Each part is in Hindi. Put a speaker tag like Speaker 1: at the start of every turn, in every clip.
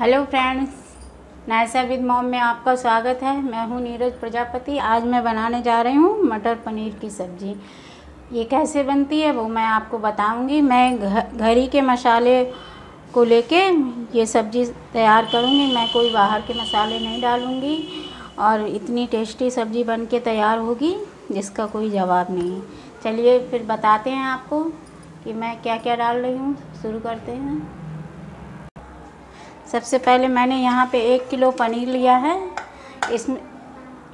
Speaker 1: hello friends Naisa with mom में आपका स्वागत है मैं हूं नीरज प्रजापति आज मैं बनाने जा रही हूं मटर पनीर की सब्ज़ी ये कैसे बनती है वो मैं आपको बताऊंगी मैं घर ही के मसाले को लेके ये सब्ज़ी तैयार करूंगी मैं कोई बाहर के मसाले नहीं डालूंगी और इतनी टेस्टी सब्ज़ी बन के तैयार होगी जिसका कोई जवाब नहीं चलिए फिर बताते हैं आपको कि मैं क्या क्या डाल रही हूँ शुरू करते हैं सबसे पहले मैंने यहाँ पे एक किलो पनीर लिया है इसमें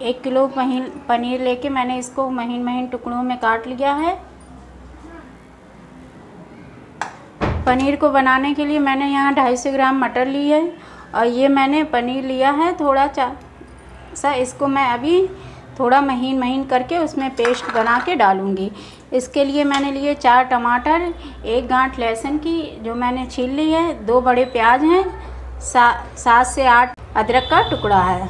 Speaker 1: एक किलो महीन पनीर लेके मैंने इसको महीन महीन टुकड़ों में काट लिया है पनीर को बनाने के लिए मैंने यहाँ ढाई सौ ग्राम मटर ली है और ये मैंने पनीर लिया है थोड़ा चा सा इसको मैं अभी थोड़ा महीन महीन करके उसमें पेस्ट बना के डालूँगी इसके लिए मैंने लिए चार टमाटर एक गांठ लहसुन की जो मैंने छील ली है दो बड़े प्याज हैं सा सात से आठ अदरक का टुकड़ा है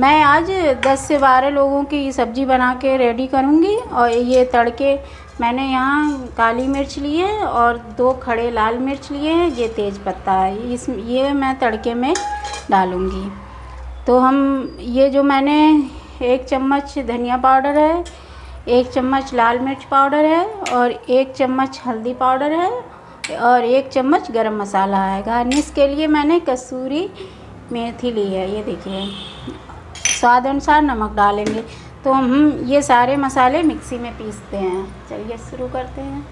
Speaker 1: मैं आज दस से बारह लोगों की सब्ज़ी बना के रेडी करूँगी और ये तड़के मैंने यहाँ काली मिर्च ली है और दो खड़े लाल मिर्च लिए हैं ये तेज़ पत्ता है इस ये मैं तड़के में डालूँगी तो हम ये जो मैंने एक चम्मच धनिया पाउडर है एक चम्मच लाल मिर्च पाउडर है और एक चम्मच हल्दी पाउडर है और एक चम्मच गरम मसाला है गार्निश के लिए मैंने कसूरी मेथी ली है ये देखिए स्वाद अनुसार नमक डालेंगे तो हम ये सारे मसाले मिक्सी में पीसते हैं चलिए शुरू करते हैं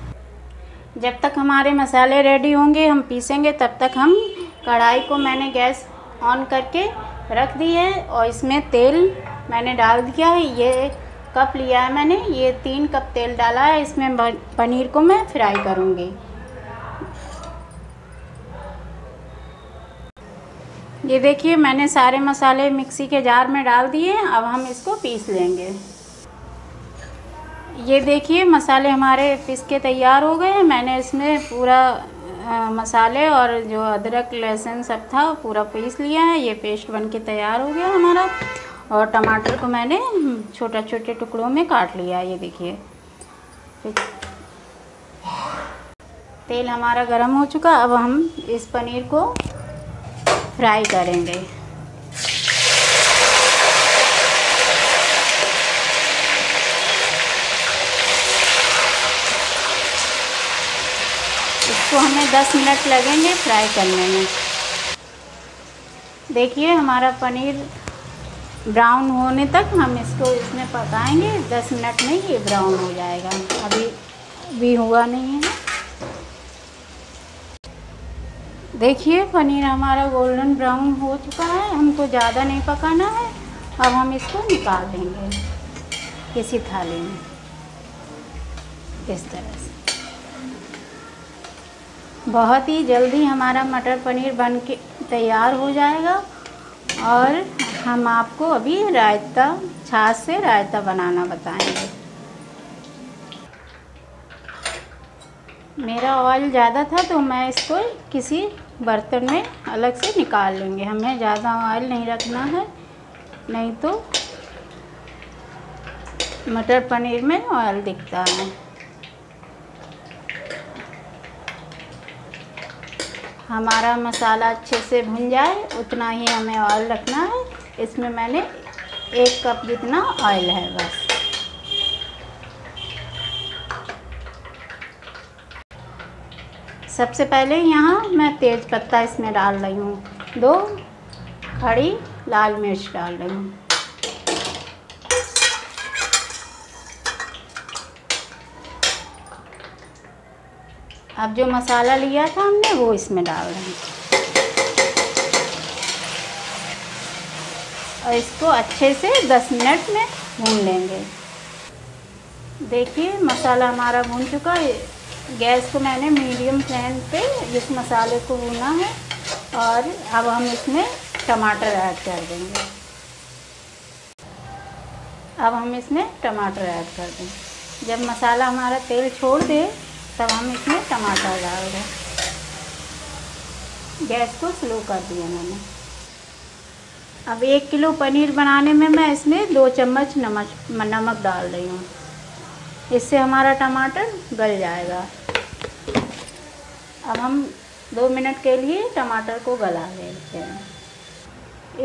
Speaker 1: जब तक हमारे मसाले रेडी होंगे हम पीसेंगे तब तक हम कढ़ाई को मैंने गैस ऑन करके रख दी है और इसमें तेल मैंने डाल दिया है ये कप लिया है मैंने ये तीन कप तेल डाला है इसमें पनीर को मैं फ्राई करूँगी ये देखिए मैंने सारे मसाले मिक्सी के जार में डाल दिए अब हम इसको पीस लेंगे ये देखिए मसाले हमारे पीस के तैयार हो गए हैं मैंने इसमें पूरा आ, मसाले और जो अदरक लहसुन सब था पूरा पीस लिया है ये पेस्ट बन के तैयार हो गया हमारा और टमाटर को मैंने छोटा छोटे टुकड़ों में काट लिया ये देखिए तेल हमारा गर्म हो चुका अब हम इस पनीर को फ्राई करेंगे इसको हमें 10 मिनट लगेंगे फ्राई करने में देखिए हमारा पनीर ब्राउन होने तक हम इसको इसमें पकाएंगे 10 मिनट में ये ब्राउन हो जाएगा अभी भी हुआ नहीं है देखिए पनीर हमारा गोल्डन ब्राउन हो चुका है हमको ज़्यादा नहीं पकाना है अब हम इसको निकाल देंगे किसी थाली में इस तरह से बहुत ही जल्दी हमारा मटर पनीर बन के तैयार हो जाएगा और हम आपको अभी रायता छाछ से रायता बनाना बताएंगे मेरा ऑयल ज़्यादा था तो मैं इसको किसी बर्तन में अलग से निकाल लेंगे हमें ज़्यादा ऑयल नहीं रखना है नहीं तो मटर पनीर में ऑयल दिखता है हमारा मसाला अच्छे से भुन जाए उतना ही हमें ऑयल रखना है इसमें मैंने एक कप जितना ऑयल है बस सबसे पहले यहाँ मैं तेज पत्ता इसमें डाल रही हूँ दो खड़ी लाल मिर्च डाल रही हूँ अब जो मसाला लिया था हमने वो इसमें डाल रहे हैं और इसको अच्छे से 10 मिनट में भून लेंगे देखिए मसाला हमारा भून चुका है गैस को मैंने मीडियम फ्लेम पे इस मसाले को भूना है और अब हम इसमें टमाटर ऐड कर देंगे अब हम इसमें टमाटर ऐड कर देंगे जब मसाला हमारा तेल छोड़ दे तब हम इसमें टमाटर डाल दें गैस को स्लो कर दिया मैंने अब एक किलो पनीर बनाने में मैं इसमें दो चम्मच नमक नमक डाल रही हूँ इससे हमारा टमाटर गल जाएगा अब हम दो मिनट के लिए टमाटर को गला लेते हैं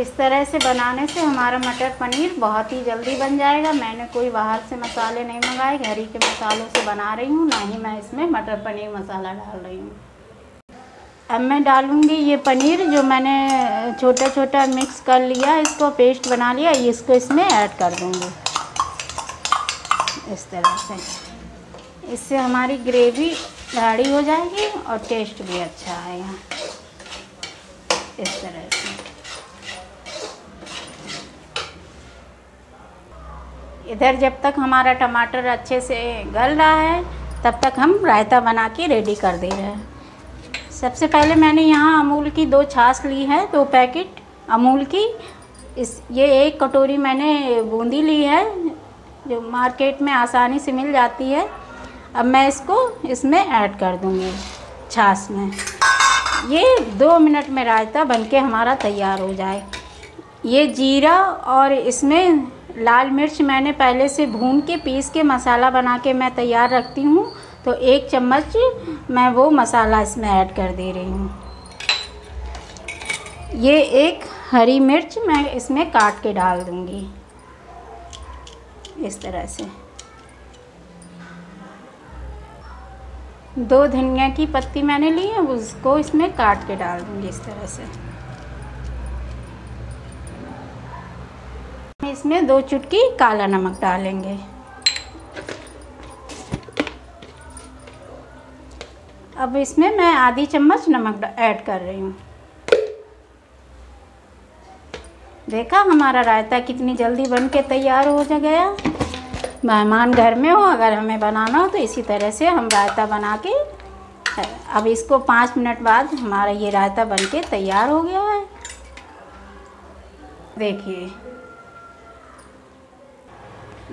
Speaker 1: इस तरह से बनाने से हमारा मटर पनीर बहुत ही जल्दी बन जाएगा मैंने कोई बाहर से मसाले नहीं मंगाए घर ही के मसालों से बना रही हूँ ना ही मैं इसमें मटर पनीर मसाला डाल रही हूँ अब मैं डालूँगी ये पनीर जो मैंने छोटा छोटा मिक्स कर लिया इसको पेस्ट बना लिया इसको इसमें ऐड कर दूँगी इस तरह से इससे हमारी ग्रेवी गाढ़ी हो जाएगी और टेस्ट भी अच्छा आएगा इस तरह से इधर जब तक हमारा टमाटर अच्छे से गल रहा है तब तक हम रायता बना के रेडी कर दे रहे हैं सबसे पहले मैंने यहाँ अमूल की दो छाछ ली है दो पैकेट अमूल की इस ये एक कटोरी मैंने बूंदी ली है जो मार्केट में आसानी से मिल जाती है अब मैं इसको इसमें ऐड कर दूँगी छाछ में ये दो मिनट में रायता बनके हमारा तैयार हो जाए ये जीरा और इसमें लाल मिर्च मैंने पहले से भून के पीस के मसाला बना के मैं तैयार रखती हूँ तो एक चम्मच मैं वो मसाला इसमें ऐड कर दे रही हूँ ये एक हरी मिर्च मैं इसमें काट के डाल दूँगी इस तरह से दो धनिया की पत्ती मैंने ली है उसको इसमें काट के डाल दूंगी इस तरह से इसमें दो चुटकी काला नमक डालेंगे अब इसमें मैं आधी चम्मच नमक ऐड कर रही हूँ देखा हमारा रायता कितनी जल्दी बन के तैयार हो गया मेहमान घर में हो अगर हमें बनाना हो तो इसी तरह से हम रायता बना के अब इसको पाँच मिनट बाद हमारा ये रायता बन के तैयार हो गया है देखिए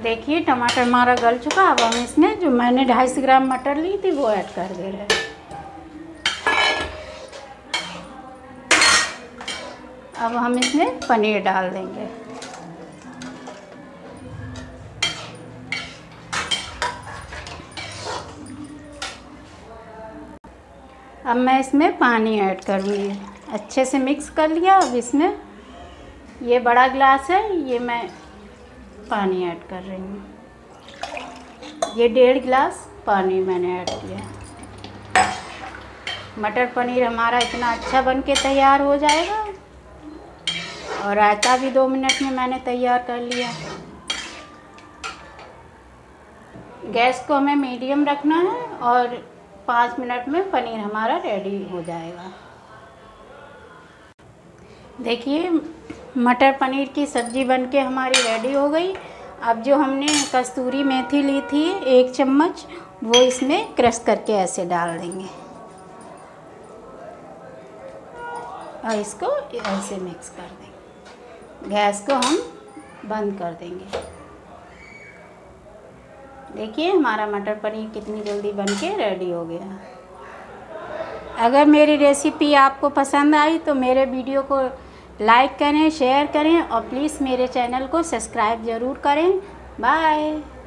Speaker 1: देखिए टमाटर हमारा गल चुका अब हम इसमें जो मैंने ढाई सौ ग्राम मटर ली थी वो ऐड कर दे रहे हैं अब हम इसमें पनीर डाल देंगे अब मैं इसमें पानी ऐड करूँगी अच्छे से मिक्स कर लिया अब इसमें ये बड़ा ग्लास है ये मैं पानी ऐड कर रही हूँ ये डेढ़ गिलास पानी मैंने ऐड किया मटर पनीर हमारा इतना अच्छा बन के तैयार हो जाएगा और रायता भी दो मिनट में मैंने तैयार कर लिया गैस को हमें मीडियम रखना है और पाँच मिनट में पनीर हमारा रेडी हो जाएगा देखिए मटर पनीर की सब्ज़ी बनके हमारी रेडी हो गई अब जो हमने कस्तूरी मेथी ली थी एक चम्मच वो इसमें क्रश करके ऐसे डाल देंगे और इसको ऐसे मिक्स कर देंगे गैस को हम बंद कर देंगे देखिए हमारा मटर पनीर कितनी जल्दी बन के रेडी हो गया अगर मेरी रेसिपी आपको पसंद आई तो मेरे वीडियो को लाइक करें शेयर करें और प्लीज़ मेरे चैनल को सब्सक्राइब ज़रूर करें बाय